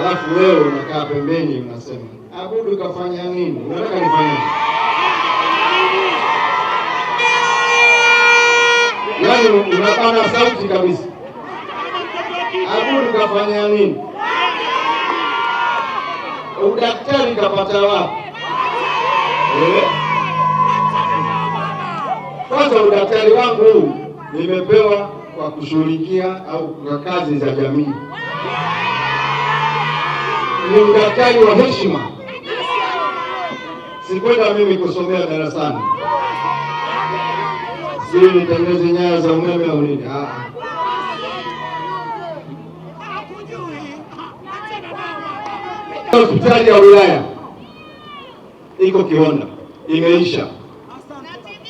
alafu wewe unakaa pembeni unasema, Abudu kafanya nini? Unataka nifanye yaani, unapana sauti kabisa, Abudu kafanya nini? Udaktari kapata wapi? Eh? Kwanza udaktari wangu nimepewa kwa kushughulikia au kwa kazi za jamii ni udaktari wa heshima. Sikwenda mimi kusomea darasani, si nitengeneze nyaya za umeme au nini? Ah. Hospitali ya wilaya iko Kihonda imeisha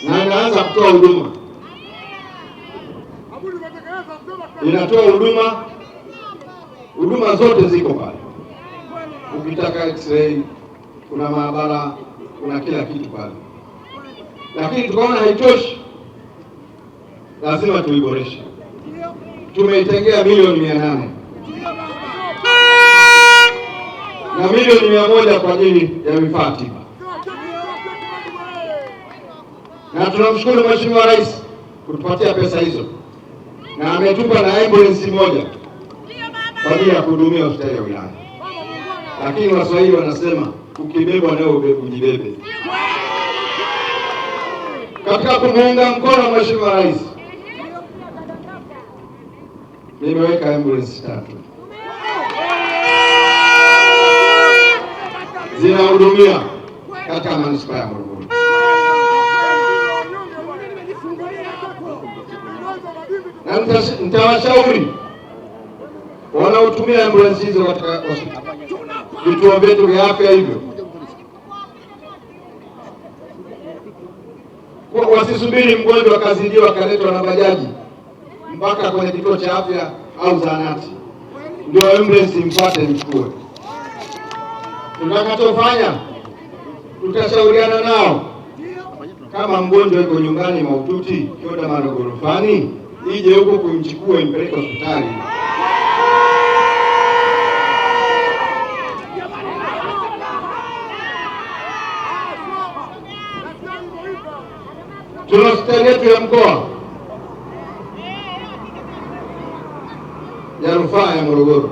na inaanza kutoa huduma, inatoa huduma, huduma zote ziko pale ukitaka x-ray kuna maabara, kuna kila kitu pale, lakini tukaona haitoshi, lazima tuiboreshe. Tumeitengea milioni mia nane na milioni mia moja kwa ajili ya vifaa tiba, na tunamshukuru Mheshimiwa Rais kutupatia pesa hizo, na ametupa na ambulance moja kwa ajili ya kuhudumia hospitali ya wilaya lakini Waswahili wanasema ukibebwa nao ujibebe. Katika kumuunga mkono Mheshimiwa Rais, nimeweka ambulensi tatu zinahudumia katika manispaa ya Morogoro. Na nitawashauri wanaotumia ambulensi hizo katika hospitali vituo vyetu vya afya hivyo, wasisubiri mgonjwa akazidiwa akaletwa na bajaji mpaka kwenye kituo cha afya au zahanati ndio ambulance mpate mchukue. Tutakachofanya, tutashauriana nao kama mgonjwa yuko nyumbani maututi, kwenda ghorofani, ije huko kumchukua impeleke hospitali. tuna hospitali yetu ya mkoa ya rufaa ya Morogoro.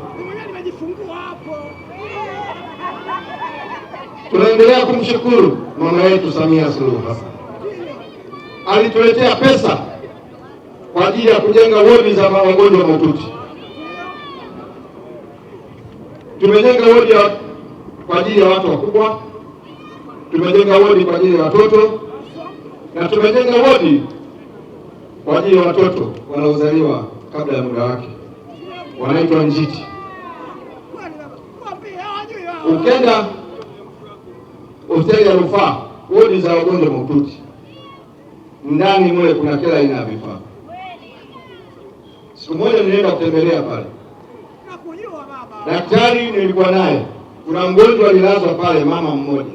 Tunaendelea kumshukuru mama yetu Samia Suluhu Hassan, alituletea pesa kwa ajili ya kujenga wodi za wagonjwa mahututi. Tumejenga wodi kwa ajili ya watu wakubwa, tumejenga wodi kwa ajili ya watoto na tumejenga wodi kwa ajili ya watoto wanaozaliwa kabla ya muda wake, wanaitwa njiti. Ukenda hospitali ya rufaa, wodi za wagonjwa mahututi, ndani mule kuna kila aina ya vifaa. Siku moja nilienda kutembelea pale daktari nilikuwa naye, kuna mgonjwa alilazwa pale, mama mmoja.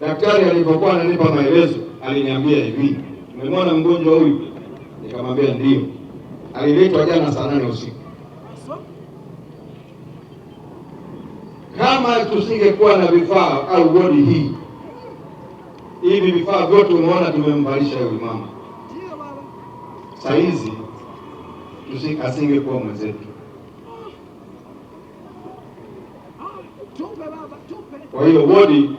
Daktari alipokuwa ananipa maelezo aliniambia hivi, umemwona mgonjwa huyu? Nikamwambia ndio. Aliletwa jana saa nane usiku. Kama tusingekuwa na vifaa au wodi hii, hivi vifaa vyote umeona tumemvalisha yule mama, saa hizi asingekuwa mwenzetu. Kwa hiyo wodi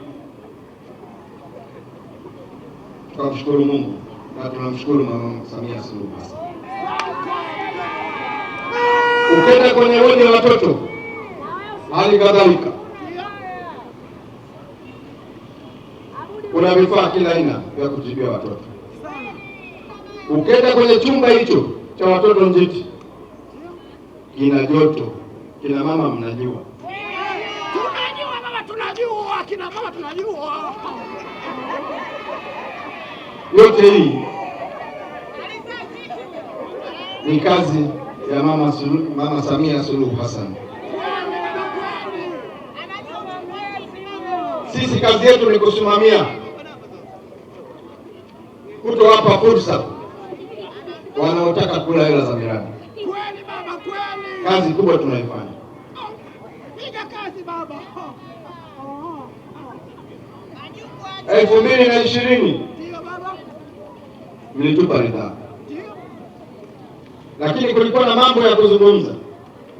tunamshukuru Mungu na tunamshukuru Mama Samia Suluhu Hassan. Ukenda kwenye wodi ya watoto, hali kadhalika kuna vifaa kila aina vya kutibia watoto. Ukenda kwenye chumba hicho cha watoto njiti, kina joto, kina mama mnajua kina mama, tunajua yote hii ni kazi ya mama, Sulu, mama Samia Suluhu Hassan. Sisi kazi yetu ni kusimamia, kutowapa fursa wanaotaka kula hela za miradi. Kazi kubwa tunaifanya. elfu mbili na ishirini mlitupa ridhaa, lakini kulikuwa na mambo ya kuzungumza.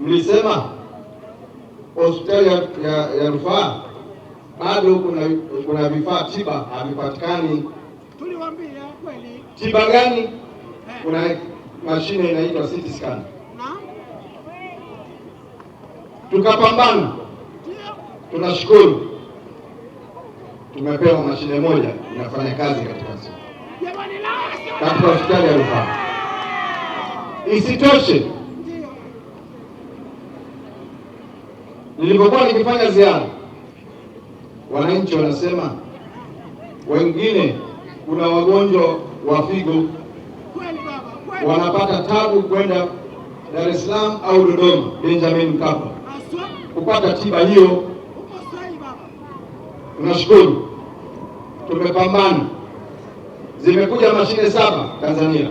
Mlisema hospitali ya, ya, ya rufaa bado kuna, kuna vifaa tiba havipatikani. Tuliwaambia kweli. Tiba gani? Kuna mashine inaitwa CT scan, tukapambana. Tunashukuru tumepewa mashine moja inafanya kazi katika katika hospitali ya rufaa. Isitoshe, nilipokuwa nikifanya ziara, wananchi wanasema wengine, kuna wagonjwa wa figo wanapata tabu kwenda Dar es Salaam au Dodoma Benjamin Mkapa kupata tiba hiyo. Tunashukuru tumepambana zimekuja mashine saba Tanzania.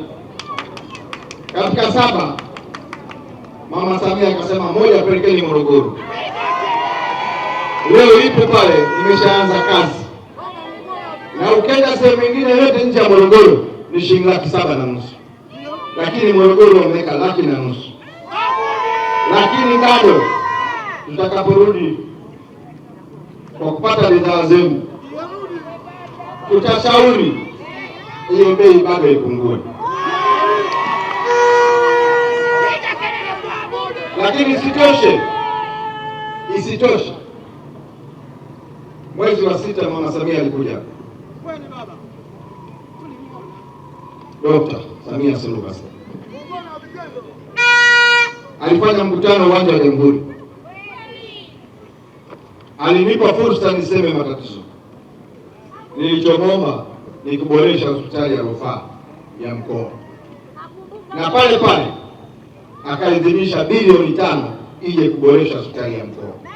Katika saba, Mama Samia akasema moja pelekeni Morogoro. Leo ipo pale, imeshaanza kazi, na ukenda sehemu nyingine yote nje ya Morogoro ni shilingi laki saba na nusu, lakini Morogoro wameweka laki na nusu. Lakini bado tutakaporudi kwa kupata bidhaa zenu tutashauri hiyo bei bado ipungue. Lakini isitoshe, isitoshe mwezi wa sita mama Samia alikuja, Dokta Samia Suluhu Hassan alifanya mkutano uwanja wa Jamhuri, alinipa fursa niseme matatizo nilichomoma ni kuboresha hospitali ya rufaa ya mkoa, na pale pale akaidhinisha bilioni tano ije kuboresha hospitali ya mkoa.